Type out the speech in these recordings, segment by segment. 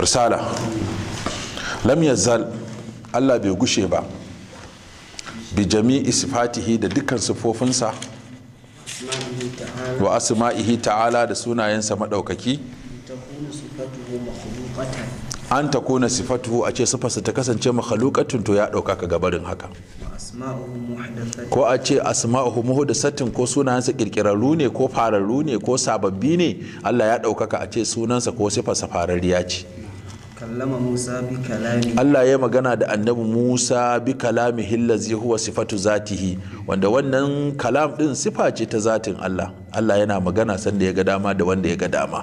risala lam yazal allah bai gushe ba bi jami'i sifatihi da dukkan sifofinsa wa asma'ihi ta'ala da sunayensa maɗaukaki an ta kuna sifatuhu a ce sifarsa ta kasance makhalukatun to ya ɗauka ka gabarin haka ko a ce asma'uhu muhdathatin ko sunayensa kirkirarru ne ko fararru ne ko sababbi ne Allah ya ɗaukaka a ce sunansa ko sifarsa fararriya ce Allah ya magana da annabi Musa bi kalami hillazi huwa sifatu zatihi wanda wannan kalam din sifa ce ta zatin Allah Allah yana magana sanda ya ga dama da wanda ya ga dama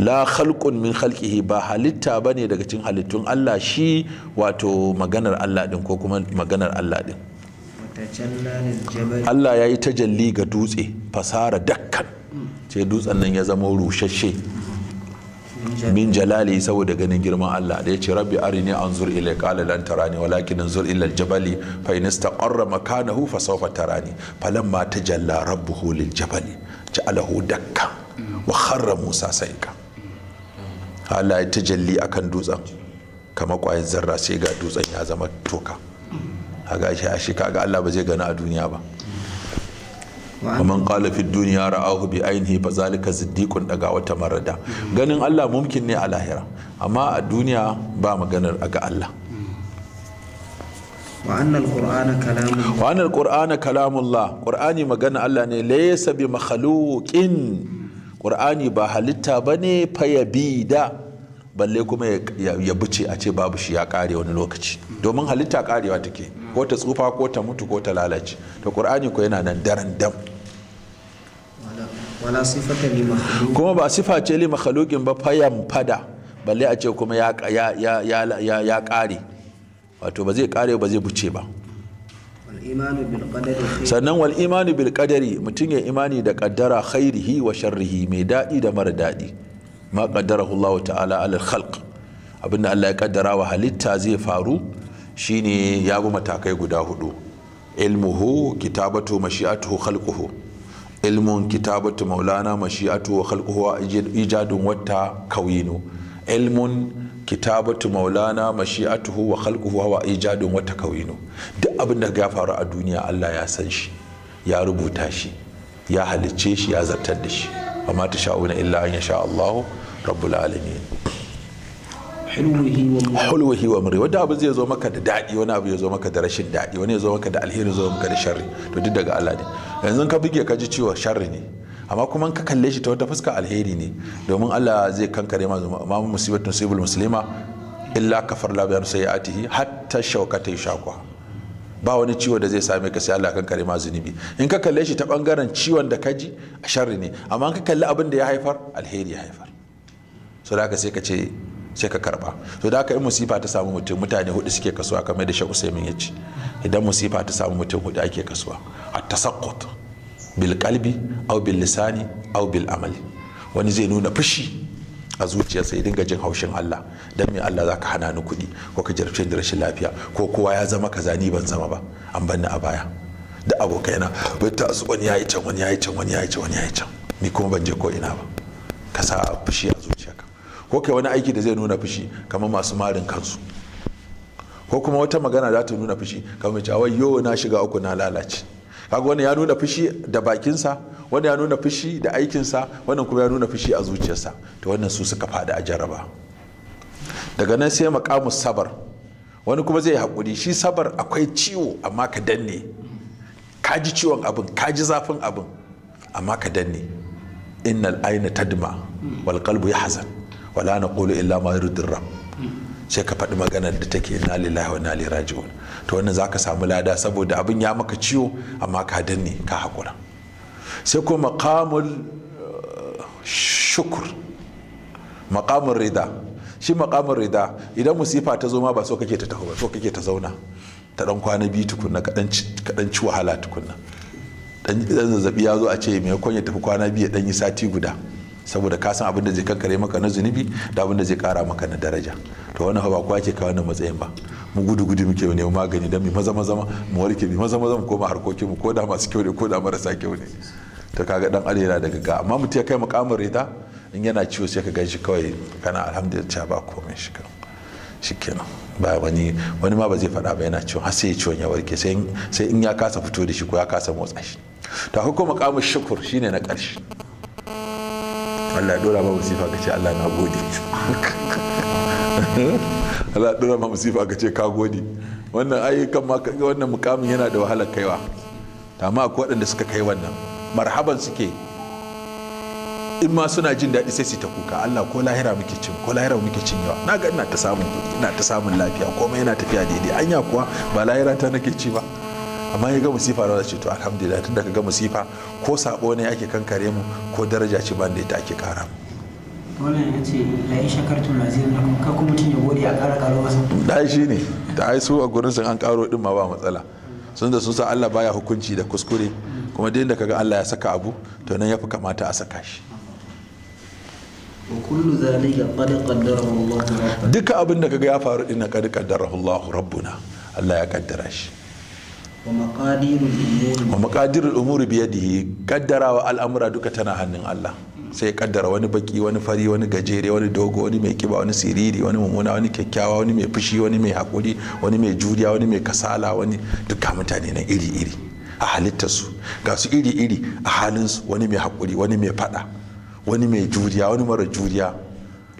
la khalqun min khalqihi ba halitta bane daga cikin halittun Allah shi wato maganar Allah din ko kuma maganar Allah din Allah ya yi tajalli ga dutse fasara dakkan ce mm. dutsen nan ya zama rushashe min jalali saboda ganin girman Allah da yace rabbi arini anzur ila qala lan tarani walakin anzur ila aljabali fa in istaqarra makanahu fa sawfa tarani falamma tajalla rabbuhu liljabali ja'alahu dakka wa kharra musa saika Allah ya tajalli akan dutsen kamar kwayar zarra sai ga dutsen ya zama toka a gashi a shi kaga Allah ba zai gani a duniya ba ومن قال في ainihi رآه بعينه فذلك صديق دغا wata marada ganin Allah mumkin ne a lahira amma a duniya ba maganar aga Allah وأن ƙur'ana كلام وأن القرآن magana Allah ne laysa bi makhluqin qur'ani ba halitta bane da balle kuma ya buce a ce babu shi ya kare wani lokaci domin halitta karewa take ko ta tsufa ko ta mutu ko ta lalace Da ƙur'ani ko yana nan daren dam kuma ba sifa ce li makhluqin ba fayan fada balle a ce kuma ya ya kare wato ba zai kare ba zai buce ba sannan wal imani bil qadari mutum ya imani da kaddara khairihi wa sharrihi mai daɗi da mara daɗi ma qaddarahu Allah ta'ala alal khalq abinda Allah ya kaddara wa halitta zai faru shine ya bi matakai guda hudu ilmuhu kitabatu mashi'atuhu khalquhu ilmun kitabatu maulana mashi'atu wa khalquhu wa ijadun wata kauyinu ilmun kitabatu maulana mashi'atu wa khalquhu wa ijadun wata kauyinu duk abin da ya faru a duniya Allah ya san shi ya rubuta shi ya halicce shi ya zartar da shi amma ta sha'una illa an yasha Allah rabbul alamin hulwahi wa mri wanda abu zai zo maka da daɗi wani abu ya zo maka da rashin daɗi wani ya zo maka da alheri zo maka da sharri to duk daga Allah ne yanzu ka buge ka ji cewa sharri ne amma kuma ka kalle shi ta wata fuska alheri ne domin Allah zai kankare ma ma musibatun sibul muslima illa kafar la bayan sayyatihi hatta shaukata shakwa ba wani ciwo da zai same ka sai Allah kankare ma zunubi in ka kalle shi ta bangaren ciwon da ka ji sharri ne amma in ka kalli abin da ya haifar alheri ya haifar so da sai ka ce sai ka karba to da ka yi musifa ta samu mutum mutane hudu suke kasuwa kamar da shaku Usaimin ya ci idan musifa ta samu mutum hudu ake kasuwa at-tasaqqut bil qalbi aw bil lisani aw bil amali wani zai nuna fushi a zuciyarsa ya dinga jin haushin Allah dan me Allah zaka hana ni kudi ko ka jarfe da rashin lafiya ko kowa ya zama kaza ni ban zama ba an banni a baya da abokaina bai ta wani yayi can wani yayi can wani yayi can wani yayi can ni kuma ban je ko ina ba ka sa fushi a zuciya ko kai wani aiki da zai nuna fushi kamar masu marin kansu ko kuma wata magana za ta nuna fushi kamar cewa yo na shiga uku na lalace kaga wani ya nuna fushi da bakinsa wani ya nuna fushi da aikinsa wannan kuma ya nuna fushi a zuciyarsa to wannan su suka fada a jaraba daga nan sai makamus sabar wani kuma zai hakuri, shi sabar akwai ciwo amma ka danne ka ji ciwon abin ka ji zafin abin amma ka danne innal aina tadma wal qalbu yahzan wala na ƙulu illa ma yurdin rab sai ka faɗi maganar da take na lillahi wa na raji'un to wannan zaka samu lada saboda abin ya maka ciwo amma ka danne ka haƙura sai ko maqamul eh, shukur maqamul rida shi maqamul rida idan musifa ta zo ma ba so kake ta taho ba so kake ta zauna ta dan kwana biyu tukunna ka dan ci wahala tukunna dan zazzabi ya zo a ce mai ya tafi kwana biyu ɗan dan yi sati guda saboda ka san abin da zai kankare maka na zunubi da abin da zai kara maka na daraja to wannan ba kwa ke kawo matsayin ba mu gudu gudu muke ne magani dan mu maza maza mu warke mu maza maza mu koma harkokin mu ko da masu kyau ne ko da marasa kyau ne to kaga dan na daga ga amma mutum ya kai mukamin rita in yana ciwo sai ka ganshi kawai kana alhamdulillah ba komai shi kan shikenan ba wani wani ma ba zai faɗa ba yana ciwon har sai ciwon ya warke sai in ya kasa fito da shi ko ya kasa motsa shi ta hukuma kamun shukur shine na ƙarshe Allah ya dora ma musifa ka ce Allah na gode Allah ya dora ma musifa ka ce ka gode wannan ayyukan ma wannan mukamin yana da wahalar kaiwa Ta ma akwai waɗanda suka kai wannan marhaban suke in ma suna jin daɗi sai su ta kuka Allah ko lahira muke cin ko lahira muke cin yawa na ga ina ta samun ina ta samun lafiya komai yana tafiya daidai anya kuwa ba lahira ta nake ci ba amma ya ga musifa na ce to alhamdulillah tun daga ga musifa ko sabo ne ake kankare mu ko daraja ce ban da ita ake kara wannan layi shakartu da kuma ya gode a kara karo masa da shi ne da ai su a gurin sun an karo din ma ba matsala sun da sun sa Allah baya hukunci da kuskure kuma duk da kaga Allah ya saka abu to nan yafi kamata a saka shi duka abin da kaga ya faru din na kadi qaddarahu Allahu rabbuna Allah ya kaddara shi wa makadirul umuri biyadihi kaddarawa al'amura duka tana hannun Allah sai kaddara wani baki wani fari wani gajere wani dogo wani mai kiba wani siriri wani mummuna wani kyakkyawa wani mai fushi wani mai hakuri wani mai juriya wani mai kasala wani duka mutane na iri iri a su ga su iri iri a halinsu wani mai hakuri wani mai fada wani mai juriya wani mara juriya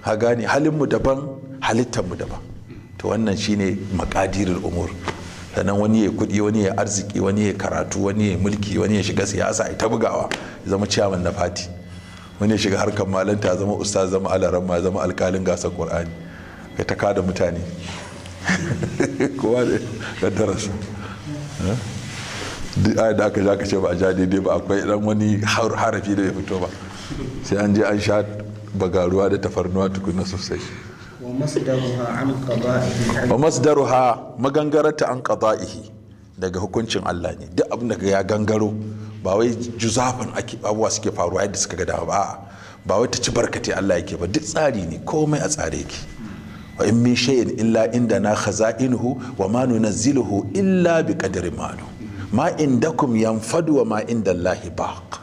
ha gane mu daban mu daban to wannan shine makadirul umur sannan wani ya kudi wani ya arziki wani ya karatu wani ya mulki wani ya shiga siyasa ya ta bugawa ya zama ciyaman na fati wani ya shiga harkar malanta zama ustaz zama alaramma zama alkalin gasar qur'ani ya taka da mutane kowa da darasa eh? duk ayat da aka ce ba a ja daidai ba akwai dan wani harafi da bai fito ba sai an je an sha bagaruwa da tafarnuwa tukuna sosai wa masdaruha magangararta an qada'ihi daga hukuncin Allah ne duk abin da ya gangaro ba wai juzafan ake abuwa suke faruwa yadda suka ga ba ba wai ta ci barkate Allah yake ba duk tsari ne komai a tsare yake wa in min shay'in illa inda na khaza'inuhu wa ma nunazziluhu illa bi qadri ma ma indakum yanfadu wa ma inda Allah baq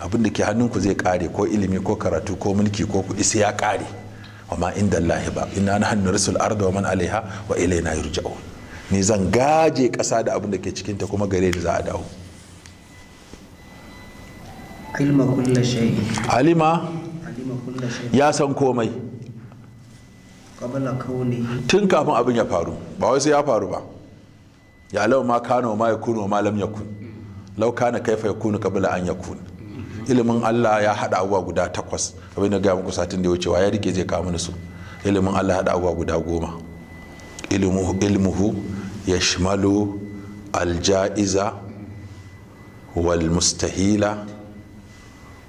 abin da ke hannunku zai kare ko ilimi ko karatu ko mulki ko kudi sai ya kare wa ma inda Allah ba na na rasul arda wa man alaiha wa ilaina yurja'un ni zan gaje kasa da abin da ke cikinta kuma gare ni za a dawo alima ya san komai tun kafin abin ya faru ba wai sai ya faru ba ya lau ma kana ma yakunu ma lam yakun law kana kaifa yakunu qabla an yakun ilimin Allah ya haɗa abubuwa guda takwas abin da gaya muku satin da ya wucewa ya rike zai kawo mana su ilimin Allah haɗa abubuwa guda goma ilmuhu ya shimalu alja'iza wal mustahila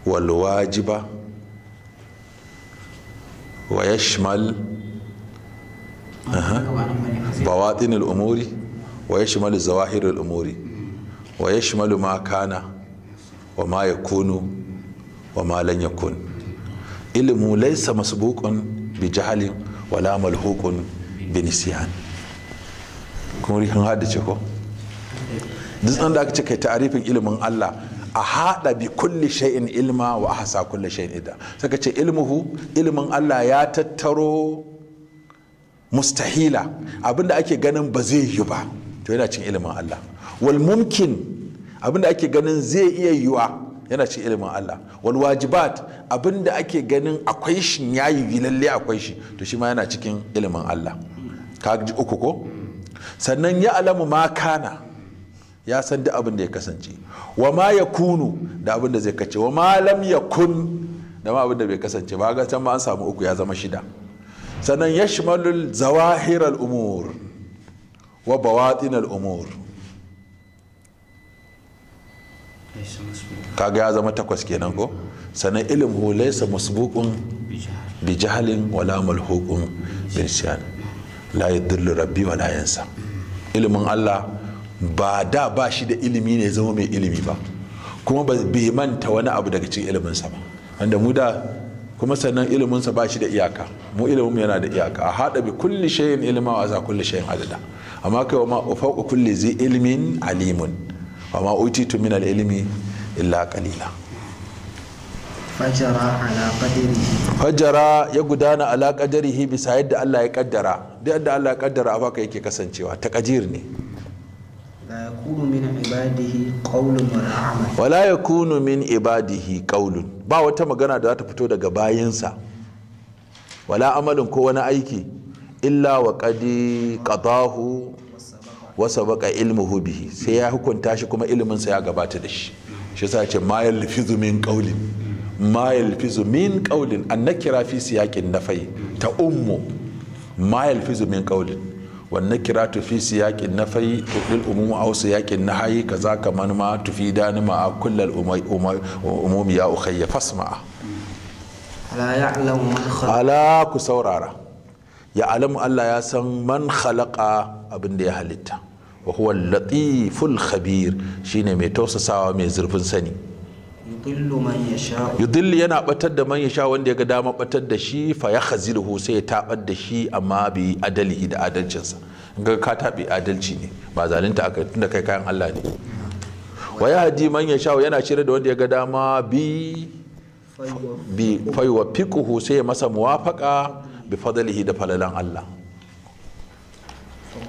wal wajiba wa ya shimal bawatin al'umuri wa ya shimalu zawahirar al'umuri wa ya shimalu makana wa ma ya kunu wa ma lan ya kun ilimu laisa masbukun bi wa wala malhukun bi nisiyan kun hada ce ko duk sanda aka ce kai ta'arifin ilimin Allah a haɗa bi kulli shay'in ilma wa ahsa kulli shay'in idda saka ce ilmuhu ilmin Allah ya tattaro mustahila abinda ake ganin ba zai yi ba to yana cin ilimin Allah wal mumkin abinda ake ganin zai iya yiwuwa, yana cikin ilimin Allah wal wajibat abinda ake ganin akwai shi ya yi lalle akwai shi to shi ma yana cikin ilimin Allah ka ji uku ko sannan ya alamu ma kana ya san duk abin da ya kasance wa ma ya kunu da abin da zai kace wa ma lam ya kun da ma abin da bai kasance ba ga can ma an samu uku ya zama shida sannan ya shimalul zawahiral umur wa bawatinal umur kaga ya zama takwas kenan ko sannan ilim hu laysa masbuqun bi jahlin wala malhuqun bin shan la yadullu rabbi wala yansa ilimin Allah ba da ba shi da ilimi ne zama mai ilimi ba kuma ba bai manta wani abu daga cikin iliminsa ba wanda mu da kuma sannan iliminsa ba shi da iyaka mu ilimin yana da iyaka a haɗa bi kulli shayin ilma wa za kulli shayin adada amma kai wa ma ufaqu kulli zi ilmin alimun wa ma utitu min al-ilmi illa qalila fajara ya gudana ala qadarihi bisa yadda Allah ya kaddara da yadda Allah ya kaddara abu haka yake kasancewa ta taqdir ne wala ya kunu min ibadihi qawlun ba wata magana da za ta fito daga bayinsa wala amalin ko wani aiki illa wa qadi qadahu wasa baka ilmuhu bihi sai ya hukunta shi kuma ilimin sa ya gabata da shi shi sa ce ma yalfizu min qawlin ma yalfizu min qawlin annakira fi siyaqin nafai ta ummu ma yalfizu min qawlin wannan kira tufi siyaƙin na fai tuɗin umumu a wasu yaƙin na hayi ka za ka manma tufi dani ma'a kullal umumi ya ukhayya fasma'a ala ku saurara ya alamu Allah ya san man khalaqa abin da ya halitta wa huwa latiful khabir shine mai tausasawa mai zurfin sani yudillu yana batar da man yasha wanda ya ga dama batar da shi fa ya khazilhu sai ya tabar da shi amma bi adalihi da adalcinsa ga ka tabi adalci ne ba zalunta aka tunda kai kayan Allah ne wa ya hadi man yasha yana shirye da wanda ya ga dama bi bi fa yuwaffiquhu sai masa muwafaqa bi fadlihi da falalan Allah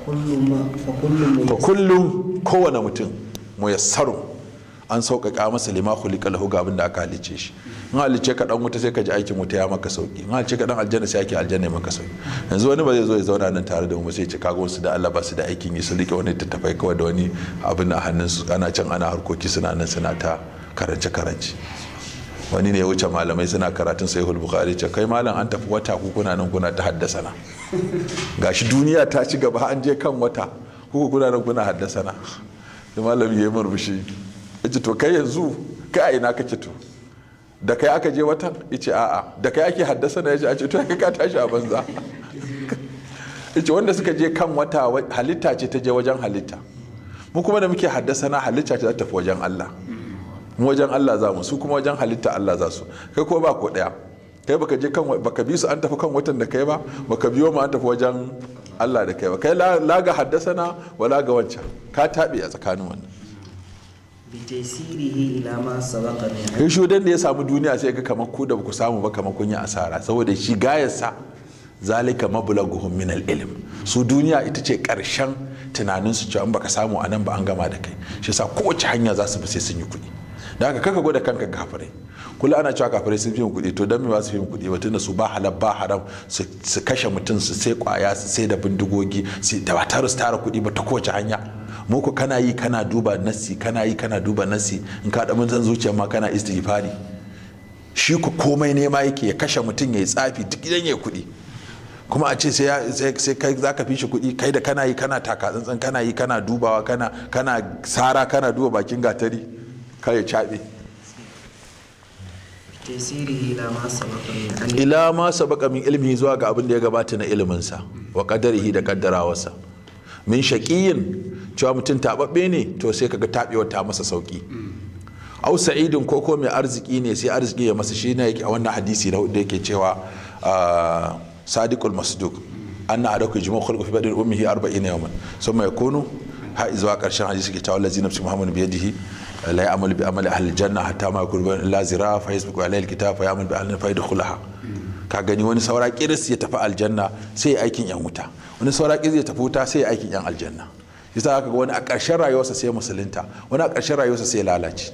fa kullum kowane mutum muyassaru an sauƙaƙa masa lima khuliqa lahu ga abin da aka halice shi in halice ka dan wuta sai ka ji aikin wuta ya maka sauki in halice ka aljanna sai ake aljanna ya maka sauki yanzu wani ba zai zo ya zauna nan tare da mu sai ce kaga wasu da Allah ba su da aikin yi su rike wani tattafai kawai da wani abin a hannun su ana can ana harkoki suna nan suna ta karance karance wani ne ya wuce malamai suna karatun sahihul bukhari ce kai malam an tafi wata ku kuna nan kuna ta haddasa na gashi duniya ta ci gaba an je kan wata ku kuna nan kuna haddasa na da malam ya yi murmushi yace to kai yanzu kai a ina kake to da kai aka je watan yace a'a da kai ake haddasa na yace a ce to kai ka tashi a banza yace wanda suka je kan wata halitta ce ta je wajen halitta mu kuma da muke haddasa na halitta ce za ta tafi wajen Allah mu wajen Allah za mu su kuma wajen halitta Allah za su kai ko ba ko daya kai baka je kan baka bi su an tafi kan watan da kai ba baka biyo mu an tafi wajen Allah da kai ba kai haddasa na wala ga wancan ka tabe a tsakanin wannan kai shi da ya samu duniya sai ga kamar ku da ku samu ba kamar kun yi asara saboda shi gayarsa zalika mabulaguhum min al-ilm su duniya ita ce karshen tunanin su cewa in baka samu anan ba an gama da kai shi yasa kowace hanya za su bi sai sun yi kuɗi da haka kaka gwada kanka kafirai kula ana cewa kafirai sun fi mu kuɗi to dan me ba su fi mu kuɗi ba tunda su ba halal ba haram su kashe mutum su sai kwaya su sai da bindigogi su da ba su tara kuɗi ba ta kowace hanya muku kana yi kana duba nasi kana yi kana duba nasi in ka da zan zuciya ma kana istighfari shi ku komai ne ma yake ya kashe mutum ya yi tsafi duk idan ya kuɗi kuma a ce sai kai za ka fi shi kuɗi kai da kana yi kana taka tsantsan kana yi kana dubawa kana kana sara kana duba bakin gatari kai caɓe ila ma sabaka min ilmi zuwa ga abin da ya gabata na iliminsa wa kadarihi da kaddarawarsa min shaƙiyin cewa mutum taɓaɓɓe ne to sai kaga taɓewa ta masa sauƙi au sa'idin ko ko mai arziki ne sai arziki ya masa shi na yake a wannan hadisi na hudu yake cewa ah, sadiqul masduq anna adaku jumu'a khalqu fi badri ummihi 40 yawman ya yakunu har zuwa karshen hadisi ke cewa lazina fi muhammad bi yadihi la ya'malu bi amali ahli janna hatta ma yakunu la zira fa yasbiqu alayhi alkitab fa ya'malu bi ahli fa yadkhulaha ka gani wani saura kiris ya tafi aljanna sai aikin yan wuta wani saura kiris ya tafi wuta sai aikin yan aljanna yasa aka ga wani a ƙarshen rayuwarsa sai musulunta wani a ƙarshen rayuwarsa sai lalace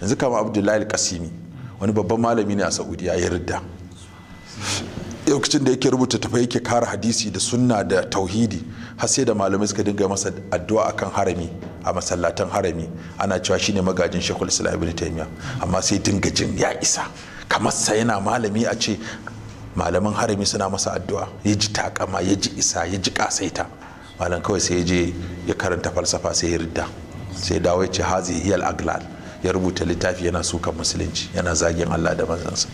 yanzu kama abdullahi alkasimi kasimi wani babban malami ne a saudiya ya ridda lokacin da yake rubuta tafai yake kara hadisi da sunna da tauhidi har sai da malamai suka dinga masa addu'a akan harami a masallatan harami ana cewa shine magajin shekul islam ibn taymiya amma sai dinga jin ya isa kamar sa yana malami a ce malaman harami suna masa addu'a ya ji takama ya ji isa ya ji kasaita malam kawai sai ya je ya karanta falsafa sai ya ridda sai dawo ya ce hazi hiyal aglal ya rubuta littafi yana sukan musulunci yana zagin allah da manzansa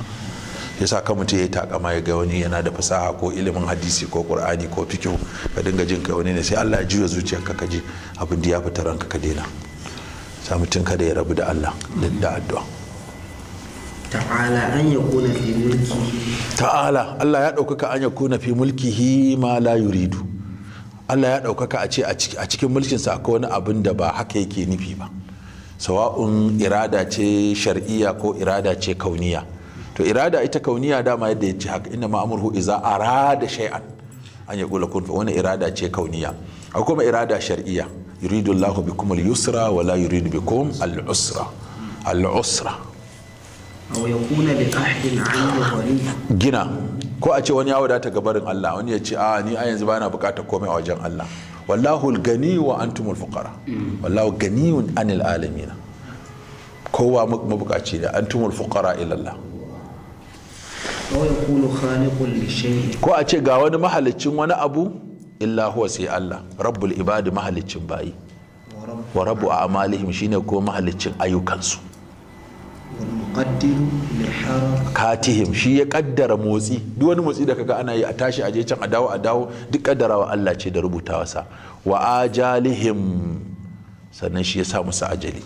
yasa ka mutum ya yi takama ya ga wani yana da fasaha ko ilimin hadisi ko ƙur'ani ko fikihu ka dinga jin kai wani ne sai Allah ya juya zuciyarka ka ji abin da ya fita ranka ka daina sa mutum kada ya rabu da Allah da addu'a ta'ala an ya kuna fi mulki ta'ala Allah ya ɗaukaka an fi mulki ma la yuridu Allah ya ɗaukaka a ce a cikin mulkinsa akwai wani abin da ba haka yake nufi ba sawa'un irada ce shar'iyya ko irada ce kauniya to irada ita kauniya dama yadda ya ce haka inna ma'amurhu iza arada shay'an an ya kula kun wani irada ce kauniya akwai kuma irada shar'iyya yuridu Allahu bikum al-yusra wa la yuridu bikum al-usra al-usra aw yakuna bi ahdin 'anhu gina ko a ce wani ya wadata gabarin Allah wani ya ce a ah, ni a yanzu bana bukatar komai a wajen Allah wallahu al-gani wa antumul fuqara mm. wallahu ganiyun anil alamin kowa mabukaci da antumul fuqara ila Allah ko a ce ga wani mahalicin wani abu illa huwa sai Allah rabbul ibadi mahalicin bayi wa rabbu a'malihim shine ko mahalicin ayyukansu katihim shi ya kaddara motsi duk wani motsi da kaga ana yi a tashi aje can a dawo a dawo duk kaddarawa Allah ce da rubuta wasa wa ajalihim sannan shi ya sa musu ajali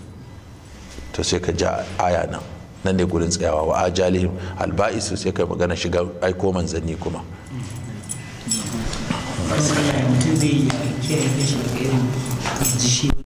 to sai ka ja aya nan nan ne gurin tsayawa wa ajalihim alba'isu sai kai magana shiga aiko manzanni kuma